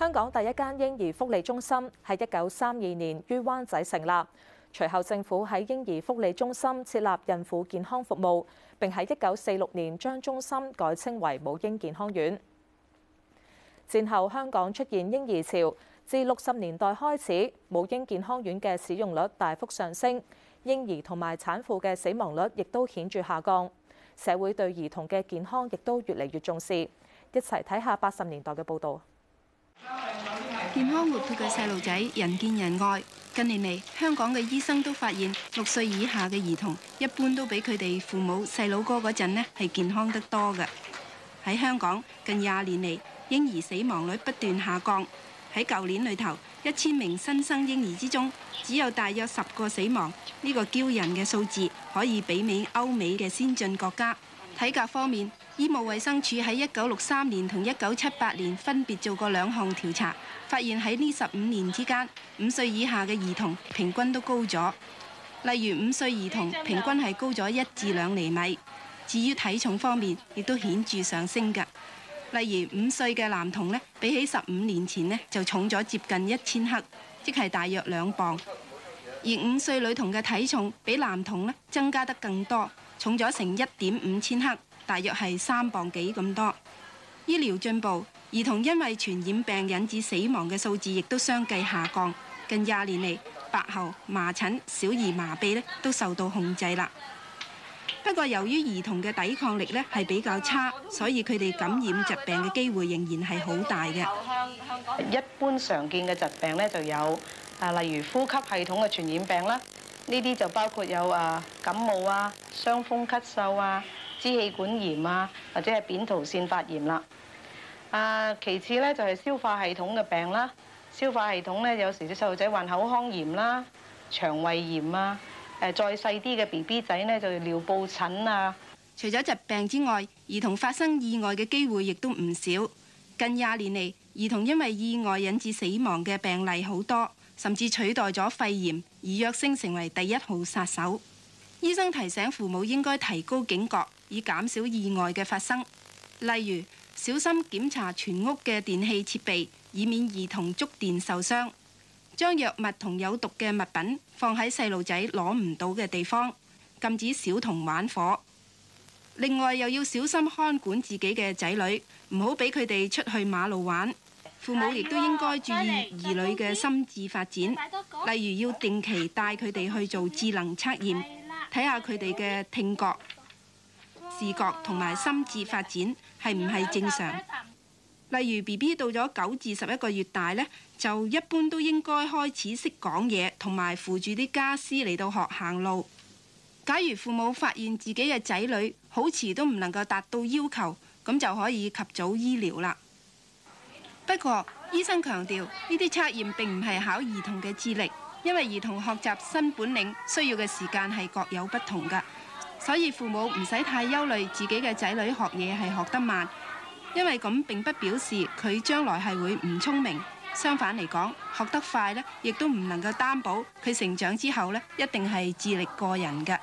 香港第一間嬰兒福利中心喺一九三二年於灣仔成立，隨後政府喺嬰兒福利中心設立孕婦健康服務，並喺一九四六年將中心改稱為母嬰健康院。戰後香港出現嬰兒潮，自六十年代開始，母嬰健康院嘅使用率大幅上升，嬰兒同埋產婦嘅死亡率亦都顯著下降，社會對兒童嘅健康亦都越嚟越重視。一齊睇下八十年代嘅報導。健康活潑嘅細路仔人見人愛。近年嚟，香港嘅醫生都發現，六歲以下嘅兒童一般都比佢哋父母細佬哥嗰陣呢係健康得多嘅。喺香港近廿年嚟，嬰兒死亡率不斷下降。喺舊年裏頭，一千名新生嬰兒之中，只有大約十個死亡。呢個驕人嘅數字可以媲美歐美嘅先進國家。體格方面。醫務衛生署喺一九六三年同一九七八年分別做過兩項調查，發現喺呢十五年之間，五歲以下嘅兒童平均都高咗。例如五歲兒童平均係高咗一至兩厘米。至於體重方面，亦都顯著上升㗎。例如五歲嘅男童呢，比起十五年前呢，就重咗接近一千克，即係大約兩磅。而五歲女童嘅體重比男童呢增加得更多，重咗成一點五千克。大約係三磅幾咁多。醫療進步，兒童因為傳染病引致死亡嘅數字亦都相繼下降。近廿年嚟，白喉、麻疹、小兒麻痹咧都受到控制啦。不過由於兒童嘅抵抗力咧係比較差，所以佢哋感染疾病嘅機會仍然係好大嘅。一般常見嘅疾病咧就有啊，例如呼吸系統嘅傳染病啦，呢啲就包括有啊感冒啊、傷風咳嗽啊。支氣管炎啊，或者係扁桃腺發炎啦、啊。啊，其次咧就係、是、消化系統嘅病啦、啊。消化系統咧，有時啲細路仔患口腔炎啦、啊、腸胃炎啊。誒、啊，再細啲嘅 B B 仔呢，就尿布疹啊。除咗疾病之外，兒童發生意外嘅機會亦都唔少。近廿年嚟，兒童因為意外引致死亡嘅病例好多，甚至取代咗肺炎而躍升成為第一號殺手。醫生提醒父母應該提高警覺，以減少意外嘅發生，例如小心檢查全屋嘅電器設備，以免兒童觸電受傷；將藥物同有毒嘅物品放喺細路仔攞唔到嘅地方，禁止小童玩火。另外，又要小心看管自己嘅仔女，唔好俾佢哋出去馬路玩。的父母亦都應該注意兒女嘅心智發展，的例如要定期帶佢哋去做智能測驗，睇下佢哋嘅聽覺。視覺同埋心智發展係唔係正常？例如 BB 到咗九至十一個月大呢，就一般都應該開始識講嘢，同埋扶住啲家私嚟到學行路。假如父母發現自己嘅仔女好遲都唔能夠達到要求，咁就可以及早醫療啦。不過醫生強調，呢啲測驗並唔係考兒童嘅智力，因為兒童學習新本領需要嘅時間係各有不同㗎。所以父母唔使太憂慮自己嘅仔女學嘢係學得慢，因為咁並不表示佢將來係會唔聰明。相反嚟講，學得快咧，亦都唔能夠擔保佢成長之後咧一定係智力過人嘅。